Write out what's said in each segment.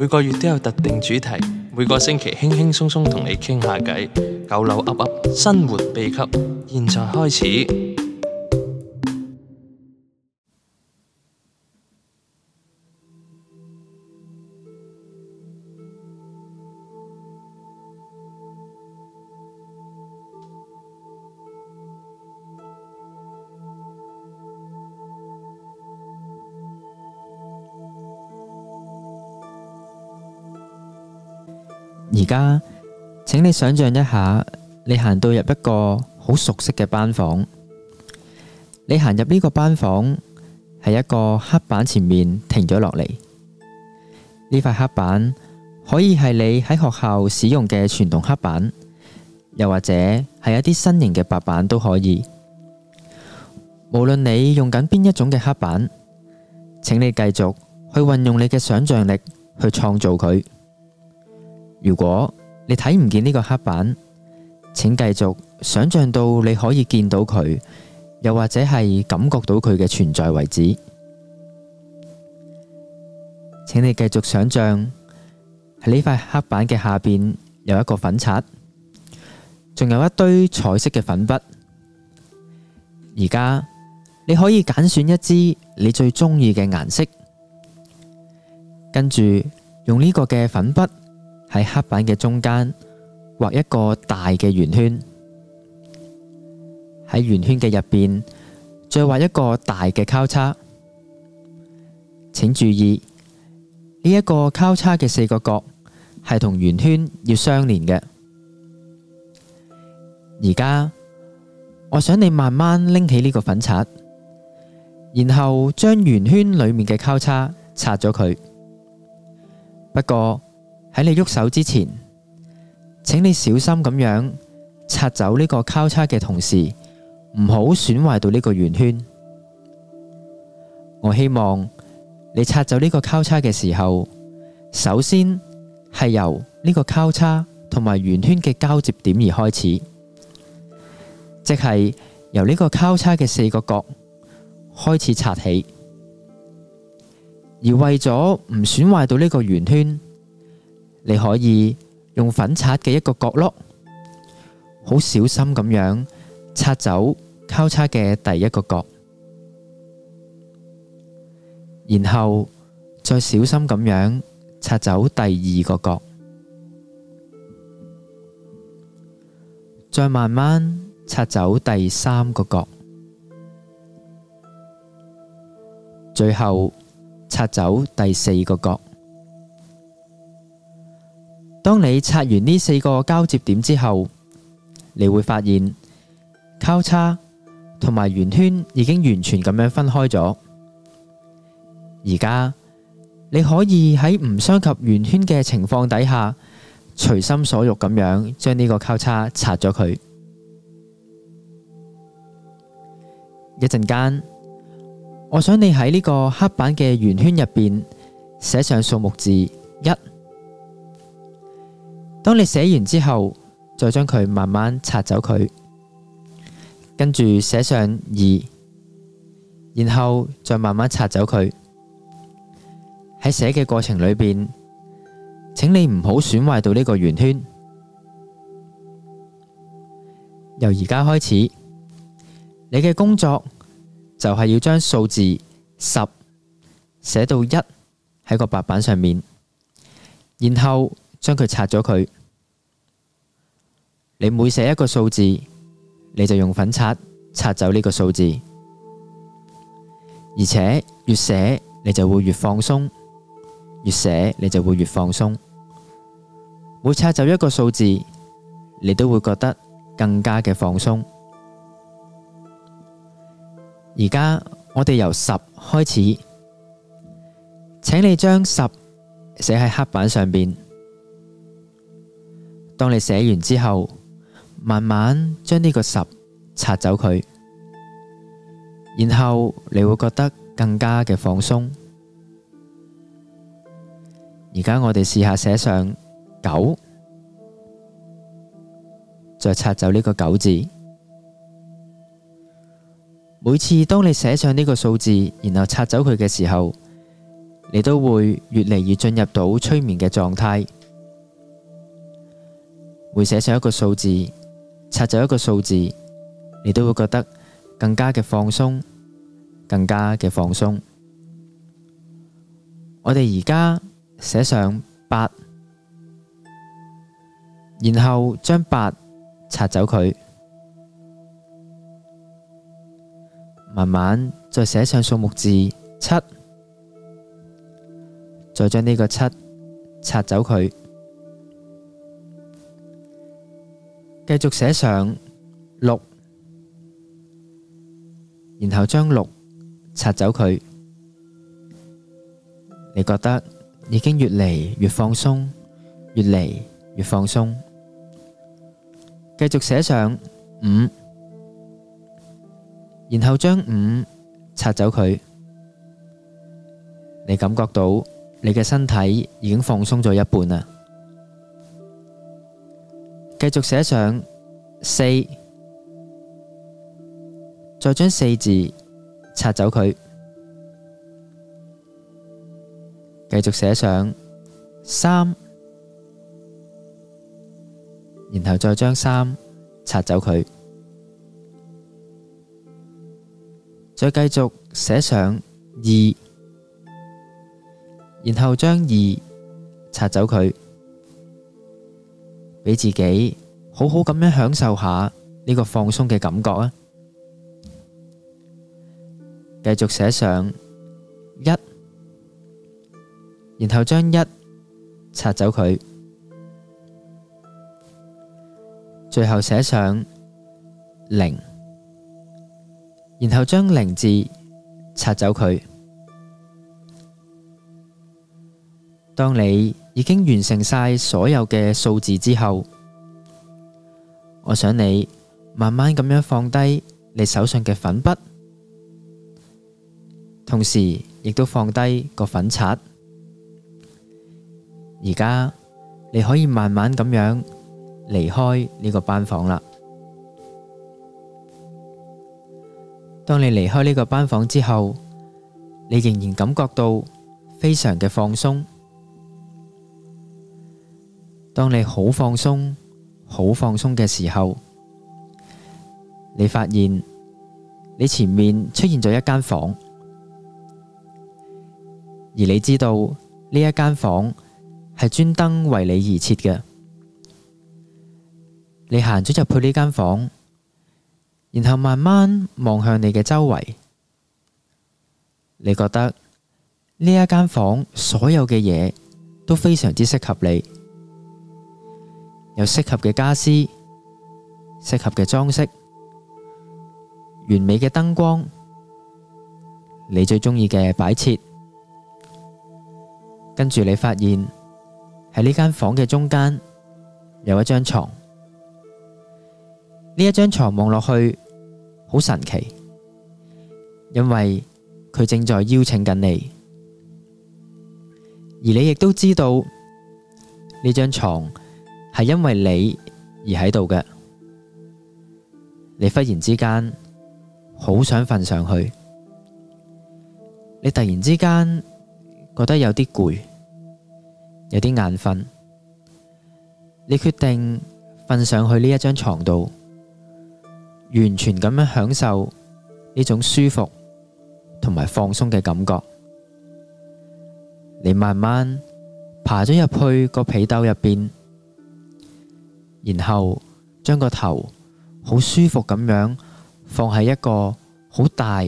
每個月都有特定主題，每個星期輕輕鬆鬆同你傾下偈，九樓噏噏生活秘笈，現在開始。而家，請你想象一下，你行到入一個好熟悉嘅班房，你行入呢個班房，喺一個黑板前面停咗落嚟。呢塊黑板可以係你喺學校使用嘅傳統黑板，又或者係一啲新型嘅白板都可以。無論你用緊邊一種嘅黑板，請你繼續去運用你嘅想象力去創造佢。如果你睇唔見呢個黑板，請繼續想象到你可以見到佢，又或者係感覺到佢嘅存在為止。請你繼續想象喺呢塊黑板嘅下邊有一個粉刷，仲有一堆彩色嘅粉筆。而家你可以揀選一支你最鍾意嘅顏色，跟住用呢個嘅粉筆。喺黑板嘅中間畫一個大嘅圓圈，喺圓圈嘅入邊再畫一個大嘅交叉。請注意呢一個交叉嘅四個角係同圓圈要相連嘅。而家我想你慢慢拎起呢個粉刷，然後將圓圈裏面嘅交叉拆咗佢。不過，喺你喐手之前，請你小心咁樣拆走呢個交叉嘅同時，唔好損壞到呢個圓圈。我希望你拆走呢個交叉嘅時候，首先係由呢個交叉同埋圓圈嘅交接點而開始，即係由呢個交叉嘅四個角開始拆起，而為咗唔損壞到呢個圓圈。你可以用粉刷嘅一個角落，好小心咁樣擦走交叉嘅第一個角，然後再小心咁樣擦走第二個角，再慢慢擦走第三個角，最後擦走第四個角。當你擦完呢四個交接點之後，你會發現交叉同埋圓圈已經完全咁樣分開咗。而家你可以喺唔傷及圓圈嘅情況底下，隨心所欲咁樣將呢個交叉擦咗佢。一陣間，我想你喺呢個黑板嘅圓圈入邊寫上數目字一。1, 當你寫完之後，再將佢慢慢擦走佢，跟住寫上二，然後再慢慢擦走佢。喺寫嘅過程裏面，請你唔好損壞到呢個圓圈。由而家開始，你嘅工作就係要將數字十寫到一喺個白板上面，然後。將佢拆咗佢。你每寫一個數字，你就用粉刷刷走呢個數字，而且越寫你就會越放鬆，越寫你就會越放鬆。每刷走一個數字，你都會覺得更加嘅放鬆。而家我哋由十開始，請你將十寫喺黑板上邊。當你寫完之後，慢慢將呢個十擦走佢，然後你會覺得更加嘅放鬆。而家我哋試下寫上九，再擦走呢個九字。每次當你寫上呢個數字，然後擦走佢嘅時候，你都會越嚟越進入到催眠嘅狀態。會寫上一個數字，擦走一個數字，你都會覺得更加嘅放鬆，更加嘅放鬆。我哋而家寫上八，然後將八擦走佢，慢慢再寫上數目字七，再將呢個七擦走佢。繼續寫上六，然後將六擦走佢。你覺得已經越嚟越放鬆，越嚟越放鬆。繼續寫上五，然後將五擦走佢。你感覺到你嘅身體已經放鬆咗一半啦。繼續寫上四，再將四字擦走佢。繼續寫上三，然後再將三擦走佢。再繼續寫上二，然後將二擦走佢。俾自己好好咁樣享受下呢個放鬆嘅感覺啊！繼續寫上一，然後將一擦走佢，最後寫上零，然後將零字擦走佢。當你已經完成晒所有嘅數字之後，我想你慢慢咁樣放低你手上嘅粉筆，同時亦都放低個粉刷。而家你可以慢慢咁樣離開呢個班房啦。當你離開呢個班房之後，你仍然感覺到非常嘅放鬆。當你好放鬆、好放鬆嘅時候，你發現你前面出現咗一間房，而你知道呢一間房係專登為你而設嘅。你行咗入去呢間房，然後慢慢望向你嘅周圍，你覺得呢一間房所有嘅嘢都非常之適合你。有適合嘅家私，適合嘅裝飾，完美嘅燈光，你最鍾意嘅擺設。跟住你發現喺呢間房嘅中間有一張床，呢一張床望落去好神奇，因為佢正在邀請緊你，而你亦都知道呢張床，係因為你而喺度嘅，你忽然之間好想瞓上去，你突然之間覺得有啲攰，有啲眼瞓，你決定瞓上去呢一張床度，完全咁樣享受呢種舒服同埋放鬆嘅感覺，你慢慢爬咗入去個被竇入邊。然後將個頭好舒服咁樣放喺一個好大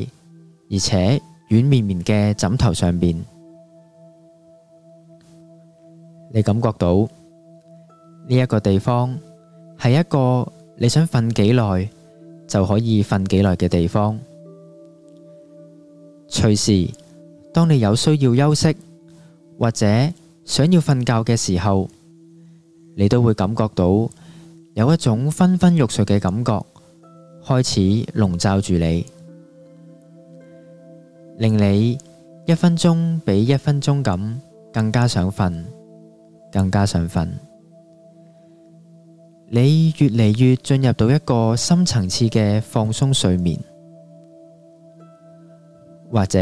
而且軟綿綿嘅枕頭上邊。你感覺到呢一個地方係一個你想瞓幾耐就可以瞓幾耐嘅地方。隨時當你有需要休息或者想要瞓覺嘅時候，你都會感覺到。有一種昏昏欲睡嘅感覺開始籠罩住你，令你一分鐘比一分鐘咁更加想瞓，更加想瞓。你越嚟越進入到一個深層次嘅放鬆睡眠，或者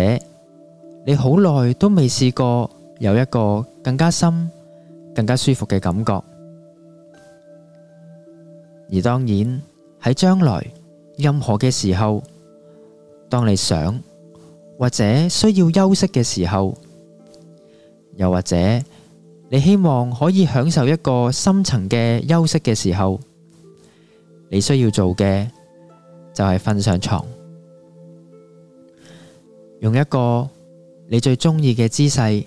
你好耐都未試過有一個更加深、更加舒服嘅感覺。而當然喺將來任何嘅時候，當你想或者需要休息嘅時候，又或者你希望可以享受一個深層嘅休息嘅時候，你需要做嘅就係瞓上床，用一個你最鍾意嘅姿勢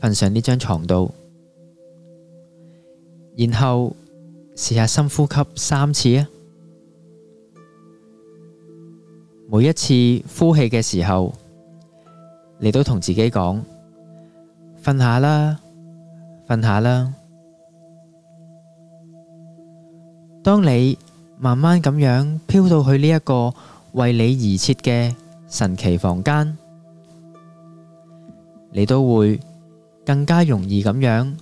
瞓上呢張床度，然後。試下深呼吸三次啊！每一次呼氣嘅時候，你都同自己講：瞓下啦，瞓下啦。當你慢慢咁樣飄到去呢一個為你而設嘅神奇房間，你都會更加容易咁樣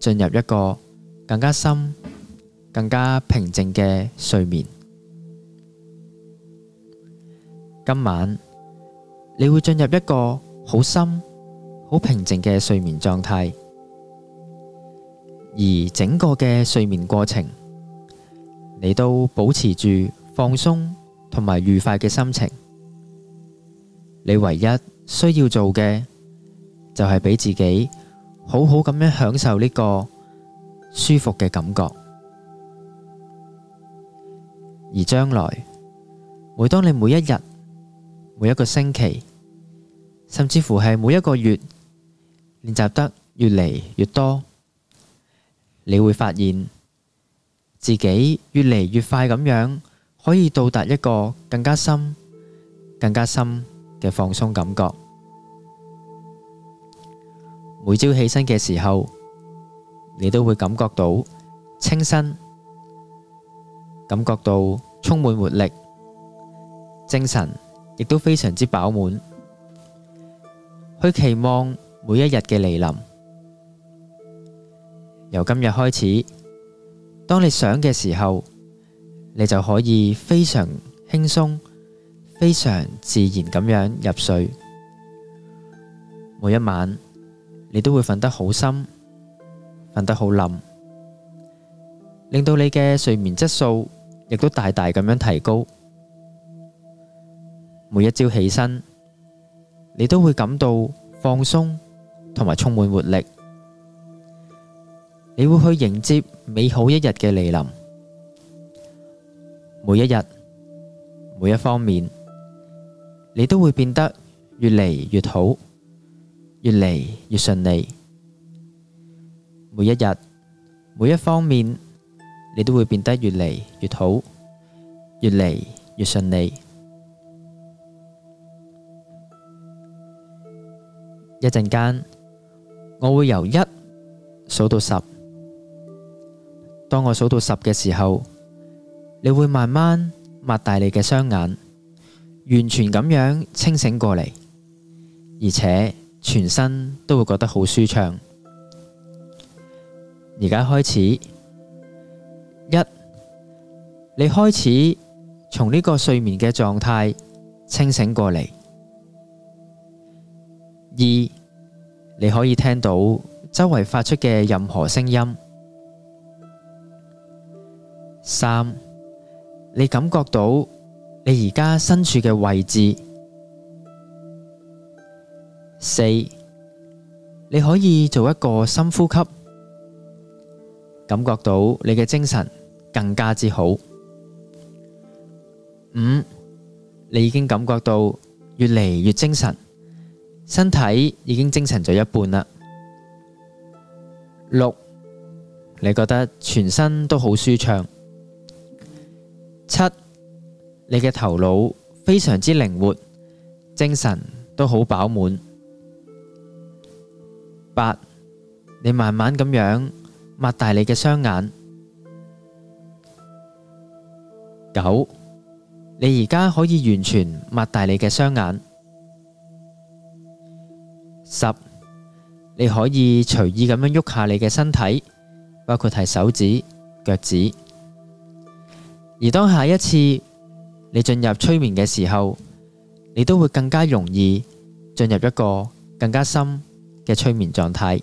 進入一個更加深。更加平靜嘅睡眠，今晚你會進入一個好深、好平靜嘅睡眠狀態，而整個嘅睡眠過程，你都保持住放鬆同埋愉快嘅心情。你唯一需要做嘅就係俾自己好好咁樣享受呢個舒服嘅感覺。而將來，每當你每一日、每一個星期，甚至乎係每一個月練習得越嚟越多，你會發現自己越嚟越快咁樣可以到達一個更加深、更加深嘅放鬆感覺。每朝起身嘅時候，你都會感覺到清新。感覺到充滿活力，精神亦都非常之飽滿，去期望每一日嘅來臨。由今日開始，當你想嘅時候，你就可以非常輕鬆、非常自然咁樣入睡。每一晚你都會瞓得好深，瞓得好冧。令到你嘅睡眠質素亦都大大咁樣提高，每一朝起身，你都會感到放鬆同埋充滿活力。你會去迎接美好一日嘅來臨，每一日每一方面，你都會變得越嚟越好，越嚟越順利。每一日每一方面。你都會變得越嚟越好，越嚟越順利。一陣間，我會由一數到十。當我數到十嘅時候，你會慢慢擘大你嘅雙眼，完全咁樣清醒過嚟，而且全身都會覺得好舒暢。而家開始。你開始從呢個睡眠嘅狀態清醒過嚟，二，你可以聽到周圍發出嘅任何聲音，三，你感覺到你而家身處嘅位置，四，你可以做一個深呼吸，感覺到你嘅精神更加之好。五，你已經感覺到越嚟越精神，身體已經精神咗一半啦。六，你覺得全身都好舒暢。七，你嘅頭腦非常之靈活，精神都好飽滿。八，你慢慢咁樣擘大你嘅雙眼。九。你而家可以完全擘大你嘅雙眼，十，你可以隨意咁樣喐下你嘅身體，包括係手指、腳趾。而當下一次你進入催眠嘅時候，你都會更加容易進入一個更加深嘅催眠狀態。